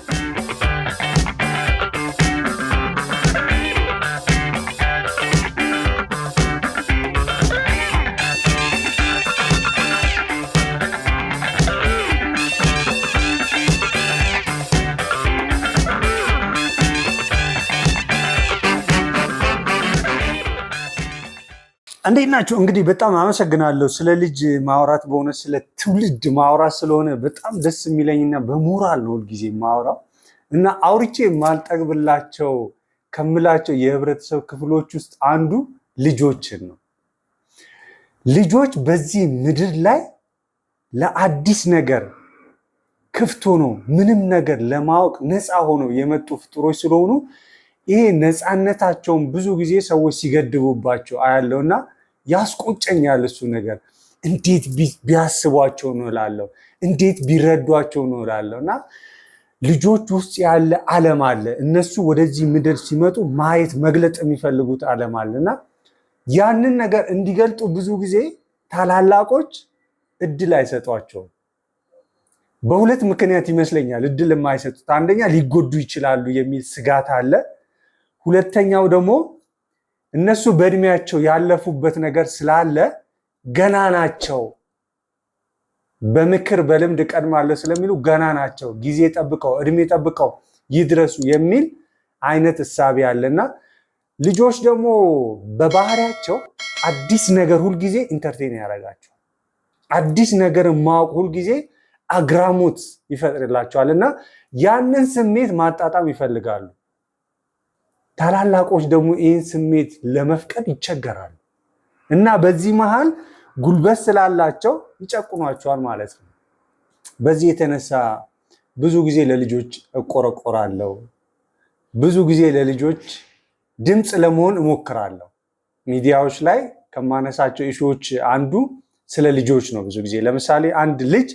Thank you. እንዴት ናቸው? እንግዲህ በጣም አመሰግናለሁ። ስለ ልጅ ማውራት በሆነ ስለ ትውልድ ማውራት ስለሆነ በጣም ደስ የሚለኝና በሞራል ነው ሁልጊዜ ማውራው እና አውርቼ ማልጠግብላቸው ከምላቸው የህብረተሰብ ክፍሎች ውስጥ አንዱ ልጆችን ነው። ልጆች በዚህ ምድር ላይ ለአዲስ ነገር ክፍት ሆኖ ምንም ነገር ለማወቅ ነፃ ሆኖ የመጡ ፍጡሮች ስለሆኑ ይሄ ነፃነታቸውን ብዙ ጊዜ ሰዎች ሲገድቡባቸው አያለውና ያስቆጨኛል እሱ ነገር። እንዴት ቢያስቧቸው ነው እላለሁ፣ እንዴት ቢረዷቸው ነው እላለሁ። እና ልጆች ውስጥ ያለ ዓለም አለ እነሱ ወደዚህ ምድር ሲመጡ ማየት መግለጥ የሚፈልጉት ዓለም አለ እና ያንን ነገር እንዲገልጡ ብዙ ጊዜ ታላላቆች እድል አይሰጧቸውም። በሁለት ምክንያት ይመስለኛል እድል የማይሰጡት አንደኛ ሊጎዱ ይችላሉ የሚል ስጋት አለ። ሁለተኛው ደግሞ እነሱ በእድሜያቸው ያለፉበት ነገር ስላለ ገና ናቸው። በምክር በልምድ ቀድማለሁ ስለሚሉ ገና ናቸው። ጊዜ ጠብቀው እድሜ ጠብቀው ይድረሱ የሚል አይነት እሳቤ ያለና ልጆች ደግሞ በባህሪያቸው አዲስ ነገር ሁልጊዜ ኢንተርቴን ያደርጋቸው አዲስ ነገር ማወቅ ሁልጊዜ አግራሞት ይፈጥርላቸዋል እና ያንን ስሜት ማጣጣም ይፈልጋሉ። ታላላቆች ደግሞ ይህን ስሜት ለመፍቀድ ይቸገራሉ እና በዚህ መሃል ጉልበት ስላላቸው ይጨቁኗቸዋል ማለት ነው። በዚህ የተነሳ ብዙ ጊዜ ለልጆች እቆረቆራለሁ፣ ብዙ ጊዜ ለልጆች ድምፅ ለመሆን እሞክራለሁ። ሚዲያዎች ላይ ከማነሳቸው ኢሹዎች አንዱ ስለ ልጆች ነው። ብዙ ጊዜ ለምሳሌ አንድ ልጅ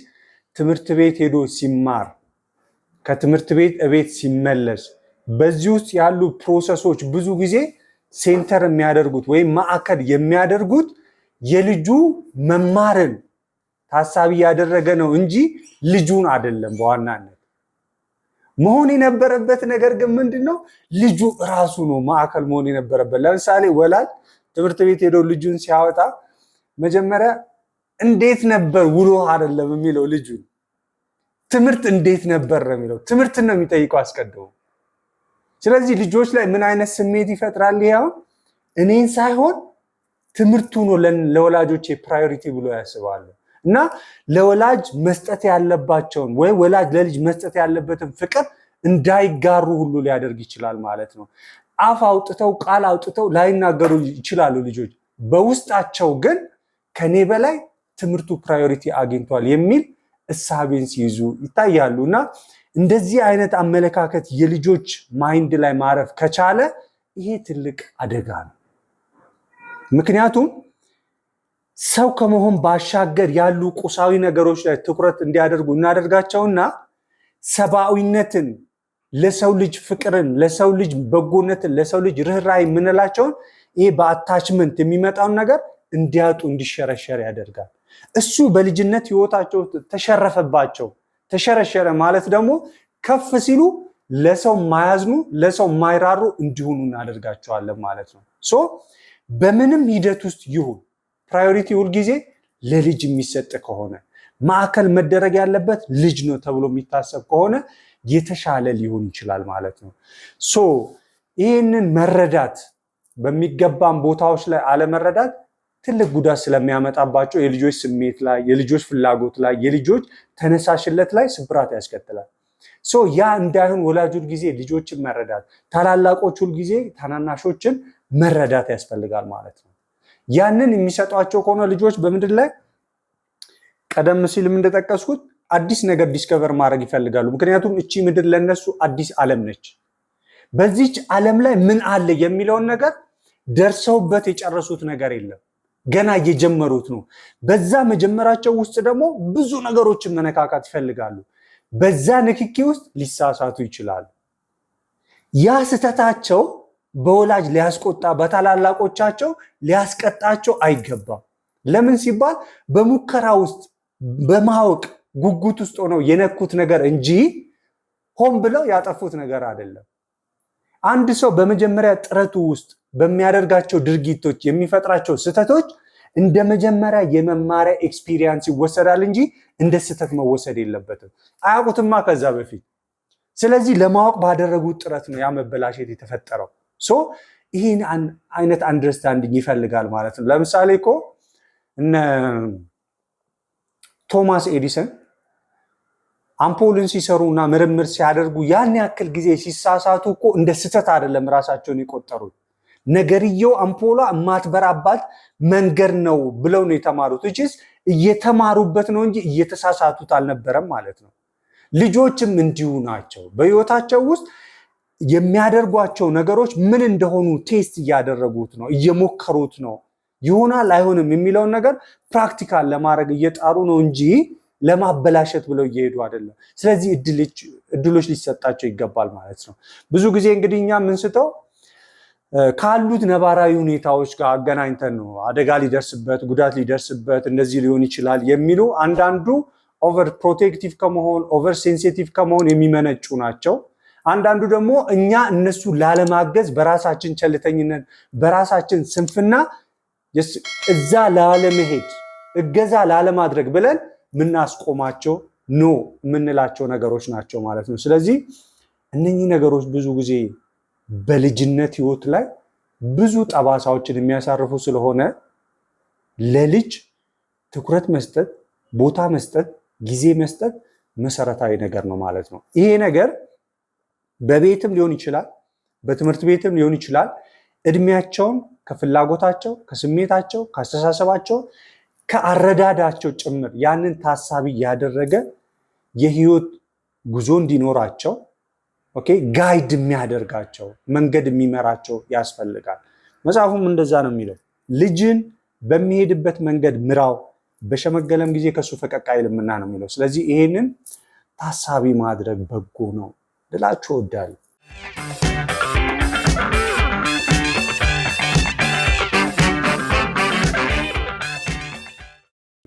ትምህርት ቤት ሄዶ ሲማር ከትምህርት ቤት እቤት ሲመለስ በዚህ ውስጥ ያሉ ፕሮሰሶች ብዙ ጊዜ ሴንተር የሚያደርጉት ወይም ማዕከል የሚያደርጉት የልጁ መማርን ታሳቢ ያደረገ ነው እንጂ ልጁን አይደለም በዋናነት መሆን የነበረበት ነገር ግን ምንድን ነው? ልጁ እራሱ ነው ማዕከል መሆን የነበረበት። ለምሳሌ ወላጅ ትምህርት ቤት ሄደው ልጁን ሲያወጣ መጀመሪያ እንዴት ነበር ውሎ አይደለም የሚለው ልጁን ትምህርት እንዴት ነበር ነው የሚለው። ትምህርትን ነው የሚጠይቀው አስቀድሞ ስለዚህ ልጆች ላይ ምን አይነት ስሜት ይፈጥራል? ይኸውን እኔን ሳይሆን ትምህርቱ ነው ለወላጆቼ ፕራዮሪቲ ብሎ ያስባሉ። እና ለወላጅ መስጠት ያለባቸውን ወይም ወላጅ ለልጅ መስጠት ያለበትን ፍቅር እንዳይጋሩ ሁሉ ሊያደርግ ይችላል ማለት ነው። አፍ አውጥተው ቃል አውጥተው ላይናገሩ ይችላሉ ልጆች፣ በውስጣቸው ግን ከኔ በላይ ትምህርቱ ፕራዮሪቲ አግኝቷል የሚል እሳቤን ሲይዙ ይታያሉ እና እንደዚህ አይነት አመለካከት የልጆች ማይንድ ላይ ማረፍ ከቻለ ይሄ ትልቅ አደጋ ነው። ምክንያቱም ሰው ከመሆን ባሻገር ያሉ ቁሳዊ ነገሮች ላይ ትኩረት እንዲያደርጉ እናደርጋቸውና ሰብአዊነትን፣ ለሰው ልጅ ፍቅርን፣ ለሰው ልጅ በጎነትን፣ ለሰው ልጅ ርኅራኄ የምንላቸውን ይሄ በአታችመንት የሚመጣውን ነገር እንዲያጡ እንዲሸረሸር ያደርጋል። እሱ በልጅነት ህይወታቸው ተሸረፈባቸው። ተሸረሸረ ማለት ደግሞ ከፍ ሲሉ ለሰው ማያዝኑ ለሰው ማይራሩ እንዲሆኑ እናደርጋቸዋለን ማለት ነው። ሶ በምንም ሂደት ውስጥ ይሁን ፕራዮሪቲ ሁልጊዜ ለልጅ የሚሰጥ ከሆነ ማዕከል መደረግ ያለበት ልጅ ነው ተብሎ የሚታሰብ ከሆነ የተሻለ ሊሆን ይችላል ማለት ነው። ሶ ይህንን መረዳት በሚገባም ቦታዎች ላይ አለመረዳት ትልቅ ጉዳት ስለሚያመጣባቸው የልጆች ስሜት ላይ፣ የልጆች ፍላጎት ላይ፣ የልጆች ተነሳሽለት ላይ ስብራት ያስከትላል። ሶ ያ እንዳይሆን ወላጅ ሁልጊዜ ልጆችን መረዳት፣ ታላላቆች ሁልጊዜ ታናናሾችን መረዳት ያስፈልጋል ማለት ነው። ያንን የሚሰጧቸው ከሆነ ልጆች በምድር ላይ ቀደም ሲልም እንደጠቀስኩት አዲስ ነገር ዲስከቨር ማድረግ ይፈልጋሉ። ምክንያቱም እቺ ምድር ለነሱ አዲስ ዓለም ነች። በዚች ዓለም ላይ ምን አለ የሚለውን ነገር ደርሰውበት የጨረሱት ነገር የለም። ገና እየጀመሩት ነው። በዛ መጀመራቸው ውስጥ ደግሞ ብዙ ነገሮችን መነካካት ይፈልጋሉ። በዛ ንክኪ ውስጥ ሊሳሳቱ ይችላሉ። ያ ስህተታቸው በወላጅ ሊያስቆጣ፣ በታላላቆቻቸው ሊያስቀጣቸው አይገባም። ለምን ሲባል በሙከራ ውስጥ በማወቅ ጉጉት ውስጥ ሆነው የነኩት ነገር እንጂ ሆን ብለው ያጠፉት ነገር አይደለም። አንድ ሰው በመጀመሪያ ጥረቱ ውስጥ በሚያደርጋቸው ድርጊቶች የሚፈጥራቸው ስህተቶች እንደ መጀመሪያ የመማሪያ ኤክስፒሪየንስ ይወሰዳል እንጂ እንደ ስህተት መወሰድ የለበትም። አያውቁትማ ከዛ በፊት ስለዚህ ለማወቅ ባደረጉት ጥረት ነው ያ መበላሸት የተፈጠረው። ሶ ይህን አይነት አንደርስታንዲንግ ይፈልጋል ማለት ነው። ለምሳሌ እኮ እነ ቶማስ ኤዲሰን አምፖልን ሲሰሩ እና ምርምር ሲያደርጉ ያን ያክል ጊዜ ሲሳሳቱ እኮ እንደ ስህተት አይደለም ራሳቸውን የቆጠሩት ነገርየው አምፖሏ የማትበራባት መንገድ ነው ብለው ነው የተማሩት። እችስ እየተማሩበት ነው እንጂ እየተሳሳቱት አልነበረም ማለት ነው። ልጆችም እንዲሁ ናቸው። በህይወታቸው ውስጥ የሚያደርጓቸው ነገሮች ምን እንደሆኑ ቴስት እያደረጉት ነው፣ እየሞከሩት ነው። ይሆናል አይሆንም የሚለውን ነገር ፕራክቲካል ለማድረግ እየጣሩ ነው እንጂ ለማበላሸት ብለው እየሄዱ አይደለም። ስለዚህ እድሎች ሊሰጣቸው ይገባል ማለት ነው። ብዙ ጊዜ እንግዲህ እኛ የምንስተው ካሉት ነባራዊ ሁኔታዎች ጋር አገናኝተን ነው አደጋ ሊደርስበት ጉዳት ሊደርስበት እንደዚህ ሊሆን ይችላል የሚሉ አንዳንዱ ኦቨር ፕሮቴክቲቭ ከመሆን ኦቨር ሴንሲቲቭ ከመሆን የሚመነጩ ናቸው። አንዳንዱ ደግሞ እኛ እነሱ ላለማገዝ በራሳችን ቸልተኝነት፣ በራሳችን ስንፍና እዛ ላለመሄድ እገዛ ላለማድረግ ብለን ምናስቆማቸው ኖ የምንላቸው ነገሮች ናቸው ማለት ነው። ስለዚህ እነኚህ ነገሮች ብዙ ጊዜ በልጅነት ህይወት ላይ ብዙ ጠባሳዎችን የሚያሳርፉ ስለሆነ ለልጅ ትኩረት መስጠት፣ ቦታ መስጠት፣ ጊዜ መስጠት መሰረታዊ ነገር ነው ማለት ነው። ይሄ ነገር በቤትም ሊሆን ይችላል፣ በትምህርት ቤትም ሊሆን ይችላል። እድሜያቸውን ከፍላጎታቸው፣ ከስሜታቸው፣ ከአስተሳሰባቸው፣ ከአረዳዳቸው ጭምር ያንን ታሳቢ ያደረገ የህይወት ጉዞ እንዲኖራቸው ኦኬ ጋይድ የሚያደርጋቸው መንገድ የሚመራቸው ያስፈልጋል። መጽሐፉም እንደዛ ነው የሚለው ልጅን በሚሄድበት መንገድ ምራው፣ በሸመገለም ጊዜ ከሱ ፈቀቅ አይልምና ነው የሚለው። ስለዚህ ይሄንን ታሳቢ ማድረግ በጎ ነው ልላችሁ እወዳለሁ።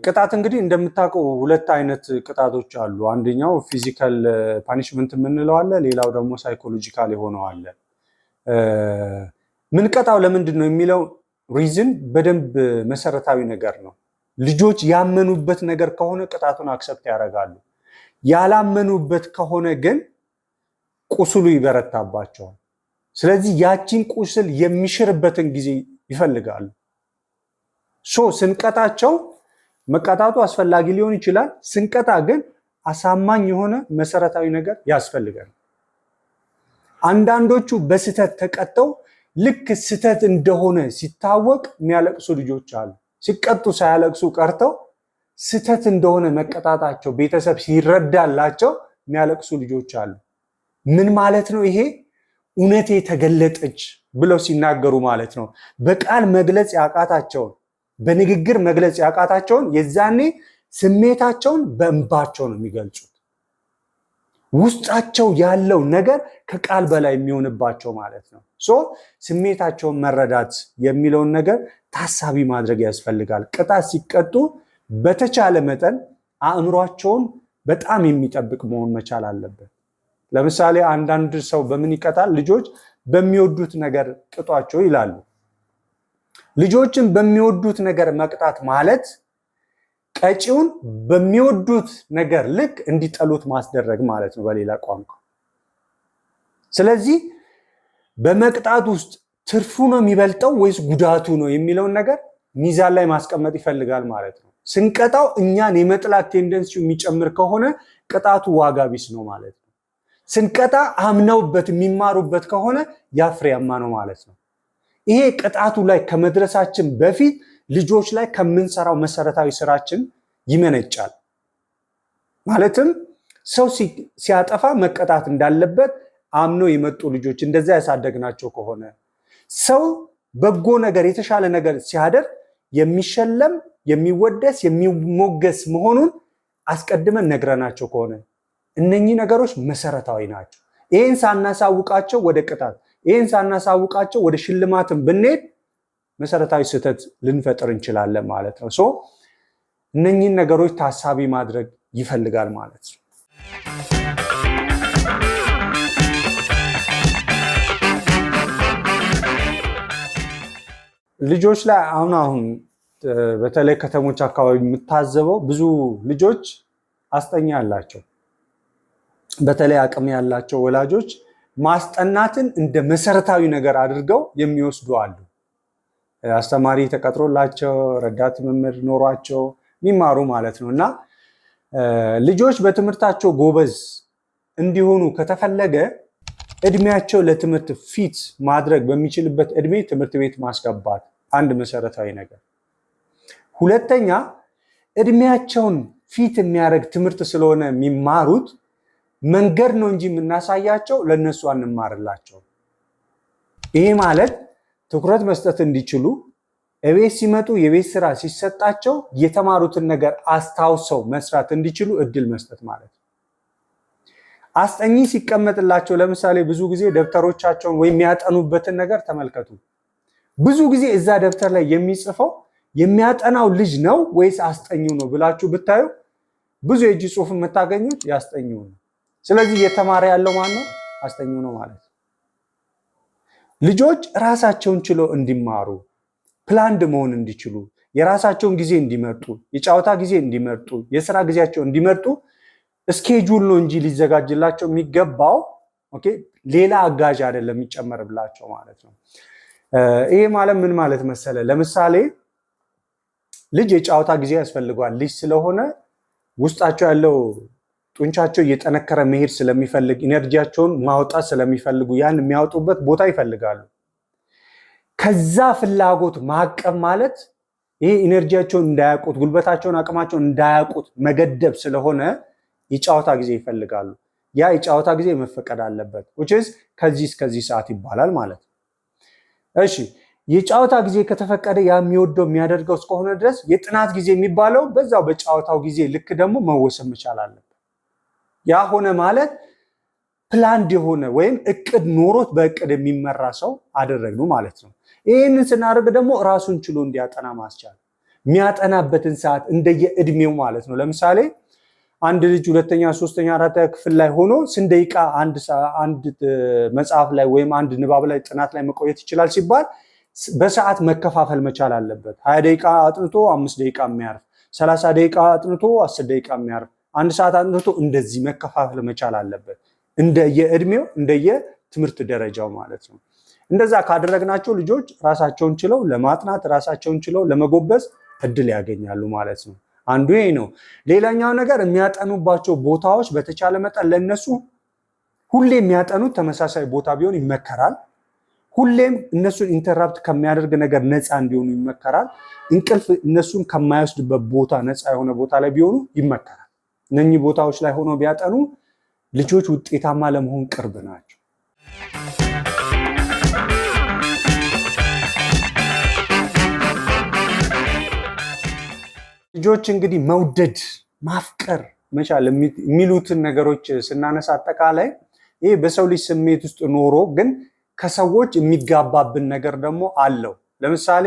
ቅጣት እንግዲህ እንደምታውቀው ሁለት አይነት ቅጣቶች አሉ። አንደኛው ፊዚካል ፓኒሽመንት የምንለው አለ፣ ሌላው ደግሞ ሳይኮሎጂካል የሆነው አለ። ምንቀጣው ለምንድን ነው የሚለው ሪዝን በደንብ መሰረታዊ ነገር ነው። ልጆች ያመኑበት ነገር ከሆነ ቅጣቱን አክሰፕት ያደርጋሉ። ያላመኑበት ከሆነ ግን ቁስሉ ይበረታባቸዋል። ስለዚህ ያቺን ቁስል የሚሽርበትን ጊዜ ይፈልጋሉ። ሶ ስንቀጣቸው መቀጣቱ አስፈላጊ ሊሆን ይችላል። ስንቀጣ ግን አሳማኝ የሆነ መሰረታዊ ነገር ያስፈልጋል። አንዳንዶቹ በስህተት ተቀጥተው ልክ ስህተት እንደሆነ ሲታወቅ የሚያለቅሱ ልጆች አሉ። ሲቀጡ ሳያለቅሱ ቀርተው ስህተት እንደሆነ መቀጣጣቸው ቤተሰብ ሲረዳላቸው የሚያለቅሱ ልጆች አሉ። ምን ማለት ነው ይሄ? እውነቴ ተገለጠች ብለው ሲናገሩ ማለት ነው። በቃል መግለጽ ያቃታቸውን በንግግር መግለጽ ያቃታቸውን የዛኔ ስሜታቸውን በእንባቸው ነው የሚገልጹት። ውስጣቸው ያለው ነገር ከቃል በላይ የሚሆንባቸው ማለት ነው። ሶ ስሜታቸውን መረዳት የሚለውን ነገር ታሳቢ ማድረግ ያስፈልጋል። ቅጣት ሲቀጡ በተቻለ መጠን አእምሯቸውን በጣም የሚጠብቅ መሆን መቻል አለበት። ለምሳሌ አንዳንድ ሰው በምን ይቀጣል? ልጆች በሚወዱት ነገር ቅጧቸው ይላሉ። ልጆችን በሚወዱት ነገር መቅጣት ማለት ቀጪውን በሚወዱት ነገር ልክ እንዲጠሉት ማስደረግ ማለት ነው በሌላ ቋንቋ። ስለዚህ በመቅጣት ውስጥ ትርፉ ነው የሚበልጠው ወይስ ጉዳቱ ነው የሚለውን ነገር ሚዛን ላይ ማስቀመጥ ይፈልጋል ማለት ነው። ስንቀጣው እኛን የመጥላት ቴንደንሲው የሚጨምር ከሆነ ቅጣቱ ዋጋ ቢስ ነው ማለት ነው። ስንቀጣ አምነውበት የሚማሩበት ከሆነ ያፍሬያማ ነው ማለት ነው። ይሄ ቅጣቱ ላይ ከመድረሳችን በፊት ልጆች ላይ ከምንሰራው መሰረታዊ ስራችን ይመነጫል። ማለትም ሰው ሲያጠፋ መቀጣት እንዳለበት አምኖ የመጡ ልጆች እንደዛ ያሳደግናቸው ከሆነ ሰው በጎ ነገር የተሻለ ነገር ሲያደርግ የሚሸለም የሚወደስ የሚሞገስ መሆኑን አስቀድመን ነግረናቸው ከሆነ እነኚህ ነገሮች መሰረታዊ ናቸው። ይህን ሳናሳውቃቸው ወደ ቅጣት ይህን ሳናሳውቃቸው ወደ ሽልማትን ብንሄድ መሰረታዊ ስህተት ልንፈጥር እንችላለን ማለት ነው። እነኚህን ነገሮች ታሳቢ ማድረግ ይፈልጋል ማለት ነው። ልጆች ላይ አሁን አሁን በተለይ ከተሞች አካባቢ የምታዘበው ብዙ ልጆች አስጠኛ አላቸው። በተለይ አቅም ያላቸው ወላጆች ማስጠናትን እንደ መሰረታዊ ነገር አድርገው የሚወስዱ አሉ። አስተማሪ ተቀጥሮላቸው ረዳት መምህር ኖሯቸው የሚማሩ ማለት ነው። እና ልጆች በትምህርታቸው ጎበዝ እንዲሆኑ ከተፈለገ እድሜያቸው ለትምህርት ፊት ማድረግ በሚችልበት እድሜ ትምህርት ቤት ማስገባት አንድ መሰረታዊ ነገር። ሁለተኛ እድሜያቸውን ፊት የሚያደርግ ትምህርት ስለሆነ የሚማሩት መንገድ ነው እንጂ የምናሳያቸው ለእነሱ አንማርላቸው። ይህ ማለት ትኩረት መስጠት እንዲችሉ እቤት ሲመጡ የቤት ስራ ሲሰጣቸው የተማሩትን ነገር አስታውሰው መስራት እንዲችሉ እድል መስጠት ማለት ነው። አስጠኚ ሲቀመጥላቸው ለምሳሌ ብዙ ጊዜ ደብተሮቻቸውን ወይም የሚያጠኑበትን ነገር ተመልከቱ። ብዙ ጊዜ እዛ ደብተር ላይ የሚጽፈው የሚያጠናው ልጅ ነው ወይስ አስጠኚው ነው ብላችሁ ብታዩ ብዙ የእጅ ጽሑፍ የምታገኙት ያስጠኚው ነው። ስለዚህ እየተማረ ያለው ማን ነው? አስተኙ ነው ማለት ነው። ልጆች ራሳቸውን ችሎ እንዲማሩ ፕላንድ መሆን እንዲችሉ የራሳቸውን ጊዜ እንዲመርጡ፣ የጨዋታ ጊዜ እንዲመርጡ፣ የስራ ጊዜያቸው እንዲመርጡ እስኬጁል ነው እንጂ ሊዘጋጅላቸው የሚገባው ኦኬ፣ ሌላ አጋዥ አይደለም የሚጨመርላቸው ማለት ነው። ይሄ ማለት ምን ማለት መሰለ? ለምሳሌ ልጅ የጨዋታ ጊዜ ያስፈልገዋል። ልጅ ስለሆነ ውስጣቸው ያለው ጡንቻቸው እየጠነከረ መሄድ ስለሚፈልግ ኢነርጂያቸውን ማውጣት ስለሚፈልጉ ያን የሚያወጡበት ቦታ ይፈልጋሉ። ከዛ ፍላጎት ማቀብ ማለት ይሄ ኢነርጂያቸውን እንዳያውቁት፣ ጉልበታቸውን፣ አቅማቸውን እንዳያውቁት መገደብ ስለሆነ የጨዋታ ጊዜ ይፈልጋሉ። ያ የጨዋታ ጊዜ መፈቀድ አለበት። ውችዝ ከዚህ እስከዚህ ሰዓት ይባላል ማለት ነው። እሺ የጨዋታ ጊዜ ከተፈቀደ ያ የሚወደው የሚያደርገው እስከሆነ ድረስ የጥናት ጊዜ የሚባለው በዛው በጨዋታው ጊዜ ልክ ደግሞ መወሰን መቻል አለበት። ያ ሆነ ማለት ፕላንድ የሆነ ወይም እቅድ ኖሮት በእቅድ የሚመራ ሰው አደረግነው ማለት ነው። ይህንን ስናደርግ ደግሞ ራሱን ችሎ እንዲያጠና ማስቻል የሚያጠናበትን ሰዓት እንደየእድሜው ማለት ነው። ለምሳሌ አንድ ልጅ ሁለተኛ፣ ሶስተኛ፣ አራተኛ ክፍል ላይ ሆኖ ስንት ደቂቃ አንድ መጽሐፍ ላይ ወይም አንድ ንባብ ላይ ጥናት ላይ መቆየት ይችላል ሲባል በሰዓት መከፋፈል መቻል አለበት። ሀያ ደቂቃ አጥንቶ አምስት ደቂቃ የሚያርፍ፣ ሰላሳ ደቂቃ አጥንቶ አስር ደቂቃ የሚያርፍ አንድ ሰዓት አጥንቶ እንደዚህ መከፋፈል መቻል አለበት። እንደየእድሜው እንደየትምህርት ደረጃው ማለት ነው። እንደዛ ካደረግናቸው ልጆች ራሳቸውን ችለው ለማጥናት ራሳቸውን ችለው ለመጎበዝ እድል ያገኛሉ ማለት ነው። አንዱ ይሄ ነው። ሌላኛው ነገር የሚያጠኑባቸው ቦታዎች በተቻለ መጠን ለእነሱ ሁሌ የሚያጠኑት ተመሳሳይ ቦታ ቢሆን ይመከራል። ሁሌም እነሱን ኢንተራፕት ከሚያደርግ ነገር ነፃ እንዲሆኑ ይመከራል። እንቅልፍ እነሱን ከማይወስድበት ቦታ ነፃ የሆነ ቦታ ላይ ቢሆኑ ይመከራል። እነኚህ ቦታዎች ላይ ሆኖ ቢያጠኑ ልጆች ውጤታማ ለመሆን ቅርብ ናቸው። ልጆች እንግዲህ መውደድ፣ ማፍቀር መቻል የሚሉትን ነገሮች ስናነሳ አጠቃላይ ይሄ በሰው ልጅ ስሜት ውስጥ ኖሮ ግን ከሰዎች የሚጋባብን ነገር ደግሞ አለው። ለምሳሌ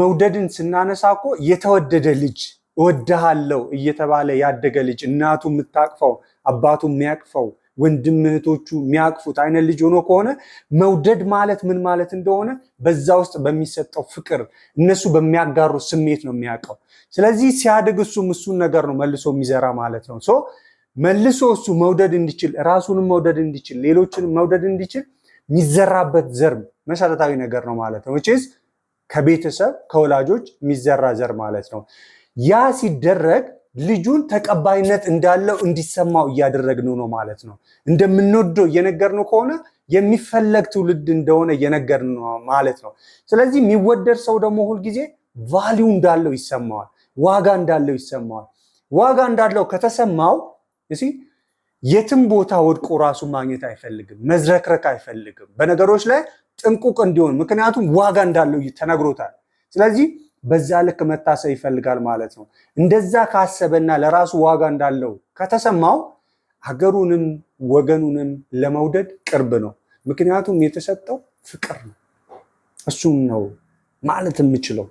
መውደድን ስናነሳ እኮ የተወደደ ልጅ እወድሃለሁ እየተባለ ያደገ ልጅ እናቱ የምታቅፈው አባቱ የሚያቅፈው ወንድም እህቶቹ የሚያቅፉት አይነት ልጅ ሆኖ ከሆነ መውደድ ማለት ምን ማለት እንደሆነ በዛ ውስጥ በሚሰጠው ፍቅር እነሱ በሚያጋሩ ስሜት ነው የሚያውቀው። ስለዚህ ሲያድግ እሱም እሱን ነገር ነው መልሶ የሚዘራ ማለት ነው። ሶ መልሶ እሱ መውደድ እንዲችል ራሱንም መውደድ እንዲችል ሌሎችንም መውደድ እንዲችል የሚዘራበት ዘር መሰረታዊ ነገር ነው ማለት ነው። ከቤተሰብ ከወላጆች የሚዘራ ዘር ማለት ነው። ያ ሲደረግ ልጁን ተቀባይነት እንዳለው እንዲሰማው እያደረግነው ነው ማለት ነው። እንደምንወደው እየነገርነው ከሆነ የሚፈለግ ትውልድ እንደሆነ እየነገርነው ማለት ነው። ስለዚህ የሚወደድ ሰው ደግሞ ሁልጊዜ ቫሊው እንዳለው ይሰማዋል፣ ዋጋ እንዳለው ይሰማዋል። ዋጋ እንዳለው ከተሰማው የትም ቦታ ወድቆ ራሱ ማግኘት አይፈልግም፣ መዝረክረክ አይፈልግም፣ በነገሮች ላይ ጥንቁቅ እንዲሆን ምክንያቱም ዋጋ እንዳለው ተነግሮታል። ስለዚህ በዛ ልክ መታሰብ ይፈልጋል ማለት ነው። እንደዛ ካሰበና ለራሱ ዋጋ እንዳለው ከተሰማው ሀገሩንም ወገኑንም ለመውደድ ቅርብ ነው። ምክንያቱም የተሰጠው ፍቅር ነው። እሱም ነው ማለት የምችለው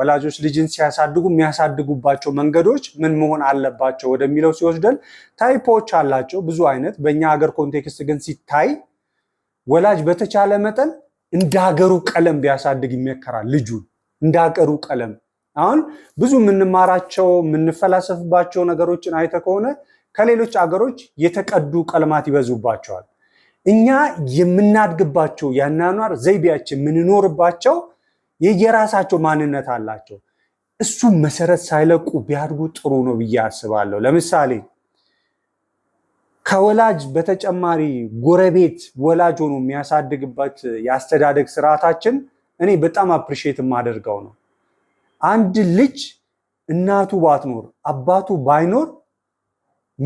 ወላጆች ልጅን ሲያሳድጉ የሚያሳድጉባቸው መንገዶች ምን መሆን አለባቸው ወደሚለው ሲወስደን ታይፖች አላቸው ብዙ አይነት። በእኛ ሀገር ኮንቴክስት ግን ሲታይ ወላጅ በተቻለ መጠን እንደ ሀገሩ ቀለም ቢያሳድግ ይመከራል። ልጁን እንደ ሀገሩ ቀለም አሁን ብዙ የምንማራቸው የምንፈላሰፍባቸው ነገሮችን አይተ ከሆነ ከሌሎች አገሮች የተቀዱ ቀለማት ይበዙባቸዋል። እኛ የምናድግባቸው የአኗኗር ዘይቤያችን የምንኖርባቸው የየራሳቸው ማንነት አላቸው። እሱ መሰረት ሳይለቁ ቢያድጉ ጥሩ ነው ብዬ አስባለሁ። ለምሳሌ ከወላጅ በተጨማሪ ጎረቤት ወላጅ ሆኖ የሚያሳድግበት የአስተዳደግ ስርዓታችን እኔ በጣም አፕሪሼት የማደርገው ነው። አንድ ልጅ እናቱ ባትኖር አባቱ ባይኖር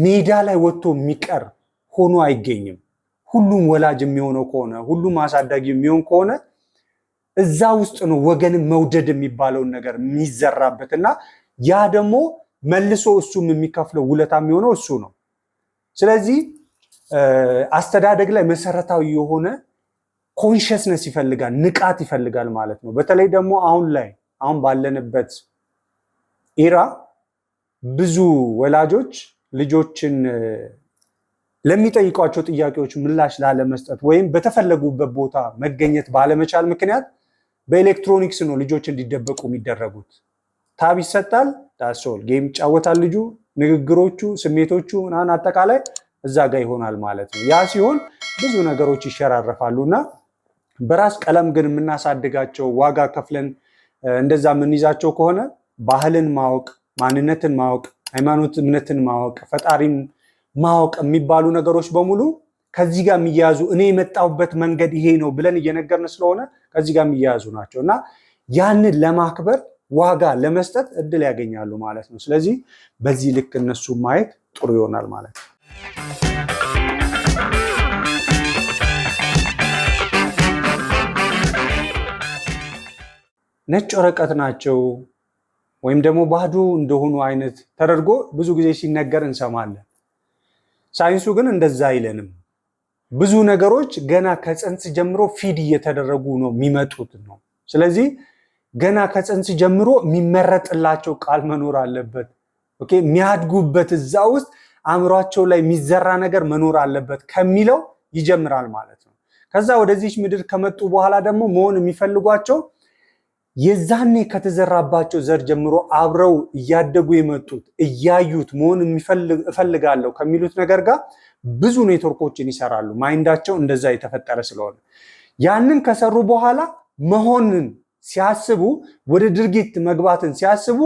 ሜዳ ላይ ወጥቶ የሚቀር ሆኖ አይገኝም። ሁሉም ወላጅ የሚሆነው ከሆነ ሁሉም አሳዳጊ የሚሆን ከሆነ እዛ ውስጥ ነው ወገንን መውደድ የሚባለውን ነገር የሚዘራበት እና ያ ደግሞ መልሶ እሱም የሚከፍለው ውለታ የሚሆነው እሱ ነው። ስለዚህ አስተዳደግ ላይ መሰረታዊ የሆነ ኮንሽስነስ ይፈልጋል፣ ንቃት ይፈልጋል ማለት ነው። በተለይ ደግሞ አሁን ላይ አሁን ባለንበት ኢራ ብዙ ወላጆች ልጆችን ለሚጠይቋቸው ጥያቄዎች ምላሽ ላለመስጠት ወይም በተፈለጉበት ቦታ መገኘት ባለመቻል ምክንያት በኤሌክትሮኒክስ ነው ልጆች እንዲደበቁ የሚደረጉት። ታብ ይሰጣል፣ ዳሶል ጌም ይጫወታል ልጁ። ንግግሮቹ፣ ስሜቶቹ ምናምን አጠቃላይ እዛ ጋር ይሆናል ማለት ነው። ያ ሲሆን ብዙ ነገሮች ይሸራረፋሉ እና በራስ ቀለም ግን የምናሳድጋቸው ዋጋ ከፍለን እንደዛ የምንይዛቸው ከሆነ ባህልን ማወቅ፣ ማንነትን ማወቅ፣ ሃይማኖት እምነትን ማወቅ፣ ፈጣሪን ማወቅ የሚባሉ ነገሮች በሙሉ ከዚህ ጋር የሚያያዙ እኔ የመጣሁበት መንገድ ይሄ ነው ብለን እየነገርን ስለሆነ ከዚህ ጋር የሚያያዙ ናቸው እና ያንን ለማክበር ዋጋ ለመስጠት እድል ያገኛሉ ማለት ነው። ስለዚህ በዚህ ልክ እነሱ ማየት ጥሩ ይሆናል ማለት ነው። ነጭ ወረቀት ናቸው ወይም ደግሞ ባዶ እንደሆኑ አይነት ተደርጎ ብዙ ጊዜ ሲነገር እንሰማለን። ሳይንሱ ግን እንደዛ አይለንም። ብዙ ነገሮች ገና ከፅንስ ጀምሮ ፊድ እየተደረጉ ነው የሚመጡት ነው። ስለዚህ ገና ከፅንስ ጀምሮ የሚመረጥላቸው ቃል መኖር አለበት። ኦኬ የሚያድጉበት እዛ ውስጥ አእምሯቸው ላይ የሚዘራ ነገር መኖር አለበት ከሚለው ይጀምራል ማለት ነው። ከዛ ወደዚች ምድር ከመጡ በኋላ ደግሞ መሆን የሚፈልጓቸው የዛኔ ከተዘራባቸው ዘር ጀምሮ አብረው እያደጉ የመጡት እያዩት መሆን እፈልጋለሁ ከሚሉት ነገር ጋር ብዙ ኔትወርኮችን ይሰራሉ። ማይንዳቸው እንደዛ የተፈጠረ ስለሆነ ያንን ከሰሩ በኋላ መሆንን ሲያስቡ ወደ ድርጊት መግባትን ሲያስቡ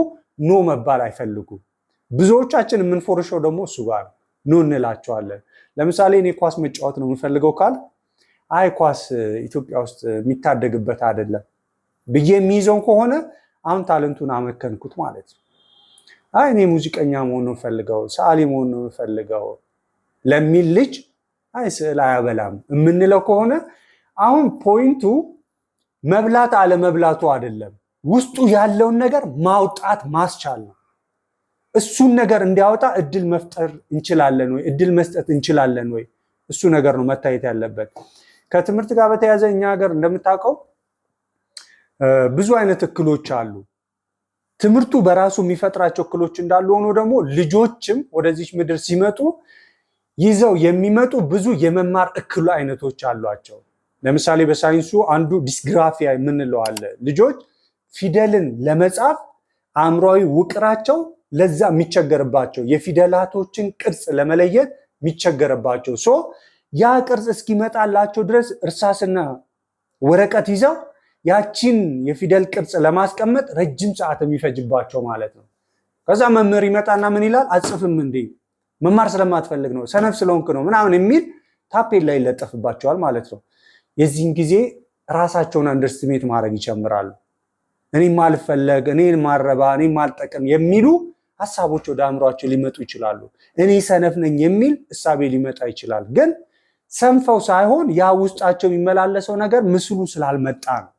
ኖ መባል አይፈልጉ። ብዙዎቻችን የምንፎርሸው ደግሞ እሱ ጋር ኖ እንላቸዋለን። ለምሳሌ እኔ ኳስ መጫወት ነው የምንፈልገው ካል አይ ኳስ ኢትዮጵያ ውስጥ የሚታደግበት አይደለም ብዬ የሚይዘውን ከሆነ አሁን ታለንቱን አመከንኩት ማለት ነው። አይ እኔ ሙዚቀኛ መሆን ነው የምፈልገው፣ ሰዓሊ መሆን ነው የምፈልገው ለሚል ልጅ አይ ስዕል አያበላም የምንለው ከሆነ አሁን ፖይንቱ መብላት አለመብላቱ አይደለም፣ ውስጡ ያለውን ነገር ማውጣት ማስቻል ነው። እሱን ነገር እንዲያወጣ እድል መፍጠር እንችላለን ወይ? እድል መስጠት እንችላለን ወይ? እሱ ነገር ነው መታየት ያለበት። ከትምህርት ጋር በተያያዘ እኛ ሀገር እንደምታውቀው ብዙ አይነት እክሎች አሉ። ትምህርቱ በራሱ የሚፈጥራቸው እክሎች እንዳሉ ሆኖ ደግሞ ልጆችም ወደዚች ምድር ሲመጡ ይዘው የሚመጡ ብዙ የመማር እክሉ አይነቶች አሏቸው። ለምሳሌ በሳይንሱ አንዱ ዲስግራፊያ የምንለው አለ። ልጆች ፊደልን ለመጻፍ አእምሯዊ ውቅራቸው ለዛ የሚቸገርባቸው የፊደላቶችን ቅርጽ ለመለየት የሚቸገርባቸው ሶ ያ ቅርጽ እስኪመጣላቸው ድረስ እርሳስና ወረቀት ይዘው ያቺን የፊደል ቅርጽ ለማስቀመጥ ረጅም ሰዓት የሚፈጅባቸው ማለት ነው። ከዛ መምህር ይመጣና ምን ይላል አጽፍም እንዴ መማር ስለማትፈልግ ነው፣ ሰነፍ ስለሆንክ ነው ምናምን የሚል ታፔል ላይ ይለጠፍባቸዋል ማለት ነው። የዚህን ጊዜ ራሳቸውን አንደርስቲሜት ማድረግ ይጀምራሉ። እኔ ማልፈለግ፣ እኔ ማረባ፣ እኔ ማልጠቅም የሚሉ ሀሳቦች ወደ አእምሯቸው ሊመጡ ይችላሉ። እኔ ሰነፍ ነኝ የሚል እሳቤ ሊመጣ ይችላል። ግን ሰንፈው ሳይሆን ያ ውስጣቸው የሚመላለሰው ነገር ምስሉ ስላልመጣ ነው።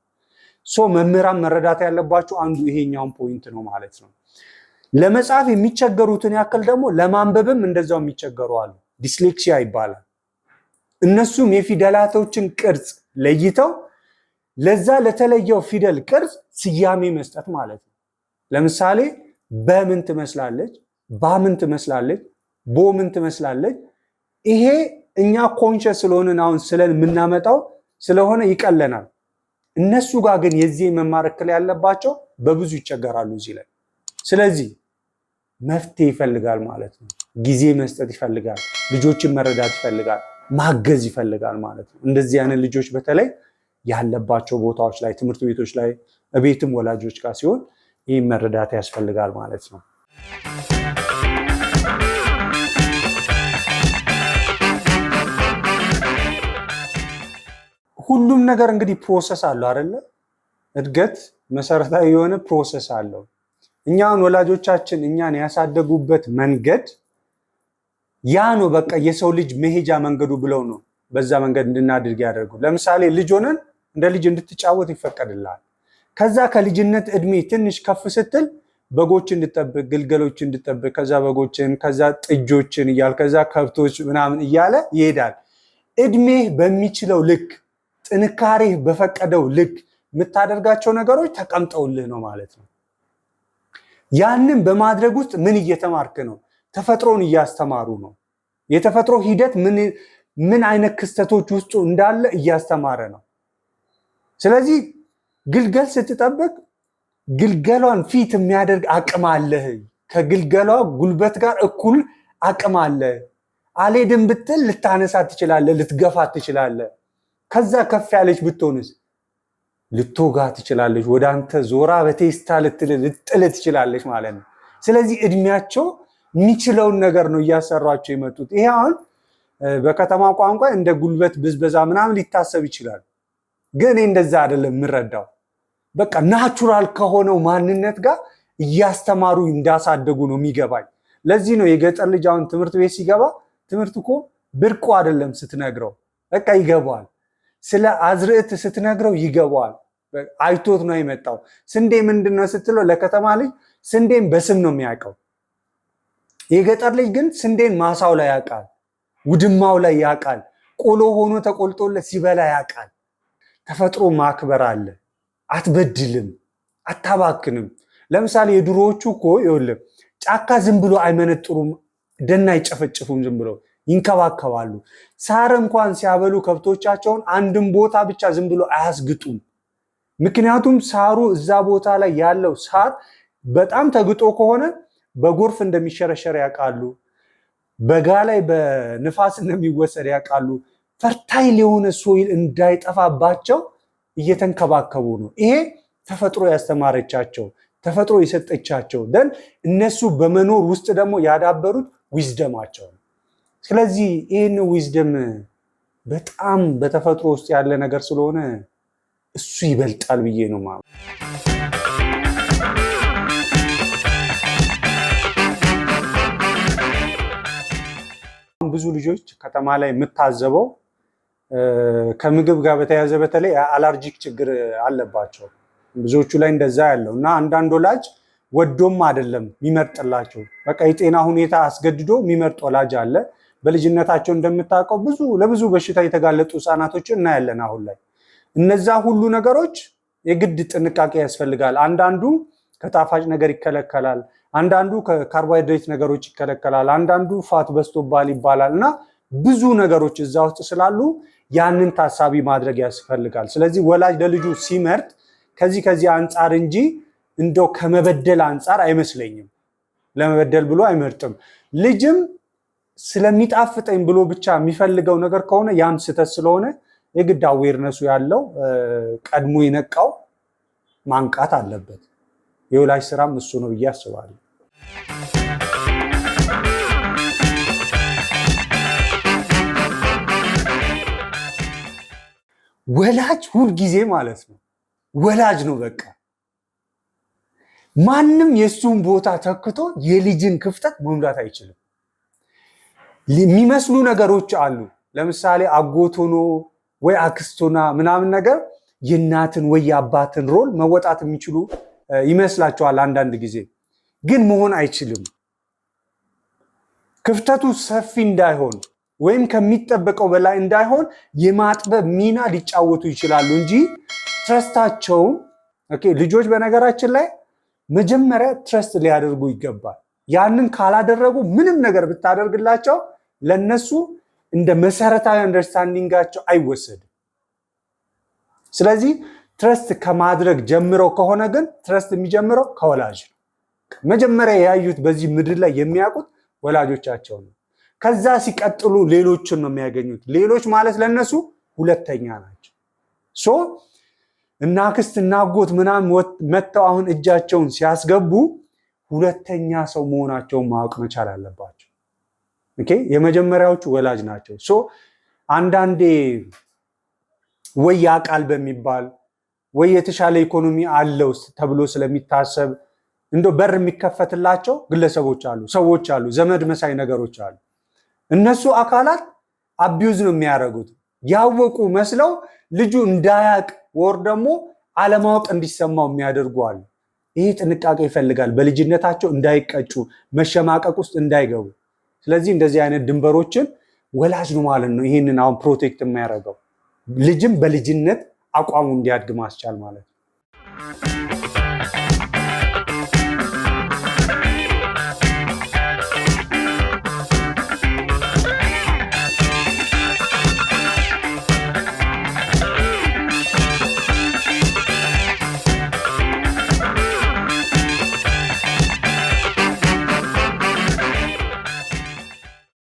ሶ መምህራን መረዳት ያለባቸው አንዱ ይሄኛውን ፖይንት ነው ማለት ነው። ለመጻፍ የሚቸገሩትን ያክል ደግሞ ለማንበብም እንደዛው የሚቸገሩ አሉ። ዲስሌክሲያ ይባላል። እነሱም የፊደላቶችን ቅርጽ ለይተው ለዛ ለተለየው ፊደል ቅርጽ ስያሜ መስጠት ማለት ነው። ለምሳሌ በምን ትመስላለች፣ ባምን ትመስላለች፣ ቦምን ትመስላለች። ይሄ እኛ ኮንሸስ ስለሆንን አሁን ስለን የምናመጣው ስለሆነ ይቀለናል። እነሱ ጋር ግን የዚህ መማር እክል ያለባቸው በብዙ ይቸገራሉ እዚህ ላይ ስለዚህ መፍትሄ ይፈልጋል ማለት ነው። ጊዜ መስጠት ይፈልጋል። ልጆችን መረዳት ይፈልጋል። ማገዝ ይፈልጋል ማለት ነው። እንደዚህ አይነት ልጆች በተለይ ያለባቸው ቦታዎች ላይ ትምህርት ቤቶች ላይ ቤትም ወላጆች ጋር ሲሆን ይህ መረዳት ያስፈልጋል ማለት ነው። ሁሉም ነገር እንግዲህ ፕሮሰስ አለው አይደለ? እድገት መሰረታዊ የሆነ ፕሮሰስ አለው። እኛን ወላጆቻችን እኛን ያሳደጉበት መንገድ ያ ነው። በቃ የሰው ልጅ መሄጃ መንገዱ ብለው ነው በዛ መንገድ እንድናድርግ ያደርጉ። ለምሳሌ ልጅ ሆነን እንደ ልጅ እንድትጫወት ይፈቀድልሃል። ከዛ ከልጅነት እድሜ ትንሽ ከፍ ስትል በጎች እንድጠብቅ፣ ግልገሎች እንድጠብቅ፣ ከዛ በጎችን፣ ከዛ ጥጆችን እያል ከዛ ከብቶች ምናምን እያለ ይሄዳል። እድሜ በሚችለው ልክ ጥንካሬህ በፈቀደው ልክ የምታደርጋቸው ነገሮች ተቀምጠውልህ ነው ማለት ነው። ያንን በማድረግ ውስጥ ምን እየተማርክ ነው? ተፈጥሮን እያስተማሩ ነው። የተፈጥሮ ሂደት ምን አይነት ክስተቶች ውስጡ እንዳለ እያስተማረ ነው። ስለዚህ ግልገል ስትጠብቅ ግልገሏን ፊት የሚያደርግ አቅም አለህ። ከግልገሏ ጉልበት ጋር እኩል አቅም አለህ። አልሄድም ብትል ልታነሳት ትችላለህ፣ ልትገፋት ትችላለህ። ከዛ ከፍ ያለች ብትሆንስ ልትወጋ ትችላለች። ወደ አንተ ዞራ በቴስታ ልትል ልጥል ትችላለች ማለት ነው። ስለዚህ እድሜያቸው የሚችለውን ነገር ነው እያሰሯቸው የመጡት። ይሄ አሁን በከተማ ቋንቋ እንደ ጉልበት ብዝበዛ ምናምን ሊታሰብ ይችላል። ግን እኔ እንደዛ አይደለም የምረዳው። በቃ ናቹራል ከሆነው ማንነት ጋር እያስተማሩ እንዳሳደጉ ነው የሚገባኝ። ለዚህ ነው የገጠር ልጅ አሁን ትምህርት ቤት ሲገባ ትምህርት እኮ ብርቁ አይደለም ስትነግረው በቃ ይገባዋል። ስለ አዝርዕት ስትነግረው ይገባዋል። አይቶት ነው የመጣው። ስንዴ ምንድን ነው ስትለው ለከተማ ልጅ ስንዴን በስም ነው የሚያውቀው። የገጠር ልጅ ግን ስንዴን ማሳው ላይ ያውቃል፣ ውድማው ላይ ያውቃል፣ ቆሎ ሆኖ ተቆልጦለት ሲበላ ያውቃል። ተፈጥሮ ማክበር አለ። አትበድልም፣ አታባክንም። ለምሳሌ የድሮዎቹ እኮ ይኸውልህ ጫካ ዝም ብሎ አይመነጥሩም፣ ደን አይጨፈጭፉም። ዝም ብለው ይንከባከባሉ። ሳር እንኳን ሲያበሉ ከብቶቻቸውን አንድም ቦታ ብቻ ዝም ብሎ አያስግጡም። ምክንያቱም ሳሩ እዛ ቦታ ላይ ያለው ሳር በጣም ተግጦ ከሆነ በጎርፍ እንደሚሸረሸር ያውቃሉ። በጋ ላይ በንፋስ እንደሚወሰድ ያውቃሉ። ፈርታይል የሆነ ሶይል እንዳይጠፋባቸው እየተንከባከቡ ነው። ይሄ ተፈጥሮ ያስተማረቻቸው ተፈጥሮ የሰጠቻቸው ደን እነሱ በመኖር ውስጥ ደግሞ ያዳበሩት ዊዝደማቸው ነው። ስለዚህ ይህን ዊዝደም በጣም በተፈጥሮ ውስጥ ያለ ነገር ስለሆነ እሱ ይበልጣል ብዬ ነው ማለት። ብዙ ልጆች ከተማ ላይ የምታዘበው ከምግብ ጋር በተያያዘ በተለይ አላርጂክ ችግር አለባቸው። ብዙዎቹ ላይ እንደዛ ያለው እና አንዳንድ ወላጅ ወዶም አይደለም የሚመርጥላቸው፣ በቃ የጤና ሁኔታ አስገድዶ የሚመርጥ ወላጅ አለ። በልጅነታቸው እንደምታውቀው ብዙ ለብዙ በሽታ የተጋለጡ ህጻናቶችን እናያለን አሁን ላይ። እነዛ ሁሉ ነገሮች የግድ ጥንቃቄ ያስፈልጋል። አንዳንዱ ከጣፋጭ ነገር ይከለከላል፣ አንዳንዱ ከካርቦሃይድሬት ነገሮች ይከለከላል፣ አንዳንዱ ፋት በስቶባል ይባላል እና ብዙ ነገሮች እዛ ውስጥ ስላሉ ያንን ታሳቢ ማድረግ ያስፈልጋል። ስለዚህ ወላጅ ለልጁ ሲመርጥ ከዚህ ከዚህ አንጻር እንጂ እንደው ከመበደል አንጻር አይመስለኝም። ለመበደል ብሎ አይመርጥም ልጅም ስለሚጣፍጠኝ ብሎ ብቻ የሚፈልገው ነገር ከሆነ ያም ስህተት ስለሆነ የግድ አዌርነሱ ያለው ቀድሞ የነቃው ማንቃት አለበት። የወላጅ ስራም እሱ ነው ብዬ አስባለሁ። ወላጅ ሁልጊዜ ማለት ነው ወላጅ ነው በቃ ማንም የእሱን ቦታ ተክቶ የልጅን ክፍተት መሙላት አይችልም። የሚመስሉ ነገሮች አሉ። ለምሳሌ አጎቶኖ ወይ አክስቶና ምናምን ነገር የእናትን ወይ የአባትን ሮል መወጣት የሚችሉ ይመስላቸዋል አንዳንድ ጊዜ ግን መሆን አይችልም። ክፍተቱ ሰፊ እንዳይሆን ወይም ከሚጠበቀው በላይ እንዳይሆን የማጥበብ ሚና ሊጫወቱ ይችላሉ እንጂ ትረስታቸውን ልጆች በነገራችን ላይ መጀመሪያ ትረስት ሊያደርጉ ይገባል። ያንን ካላደረጉ ምንም ነገር ብታደርግላቸው ለነሱ እንደ መሰረታዊ አንደርስታንዲንጋቸው አይወሰድም። ስለዚህ ትረስት ከማድረግ ጀምረው ከሆነ ግን ትረስት የሚጀምረው ከወላጅ ነው። መጀመሪያ ያዩት በዚህ ምድር ላይ የሚያውቁት ወላጆቻቸው ነው። ከዛ ሲቀጥሉ ሌሎችን ነው የሚያገኙት። ሌሎች ማለት ለነሱ ሁለተኛ ናቸው። ሶ እናክስት እናጎት ምናምን መጥተው አሁን እጃቸውን ሲያስገቡ ሁለተኛ ሰው መሆናቸውን ማወቅ መቻል አለባቸው። ኦኬ የመጀመሪያዎቹ ወላጅ ናቸው። ሶ አንዳንዴ ወይ ያቃል በሚባል ወይ የተሻለ ኢኮኖሚ አለው ተብሎ ስለሚታሰብ እንደ በር የሚከፈትላቸው ግለሰቦች አሉ፣ ሰዎች አሉ፣ ዘመድ መሳይ ነገሮች አሉ። እነሱ አካላት አቢዩዝ ነው የሚያደርጉት ያወቁ መስለው ልጁ እንዳያቅ ወር ደግሞ አለማወቅ እንዲሰማው የሚያደርጉ አሉ። ይህ ጥንቃቄ ይፈልጋል። በልጅነታቸው እንዳይቀጩ መሸማቀቅ ውስጥ እንዳይገቡ ስለዚህ እንደዚህ አይነት ድንበሮችን ወላጅ ነው ማለት ነው ይህንን አሁን ፕሮቴክት የሚያደርገው ልጅም በልጅነት አቋሙ እንዲያድግ ማስቻል ማለት ነው።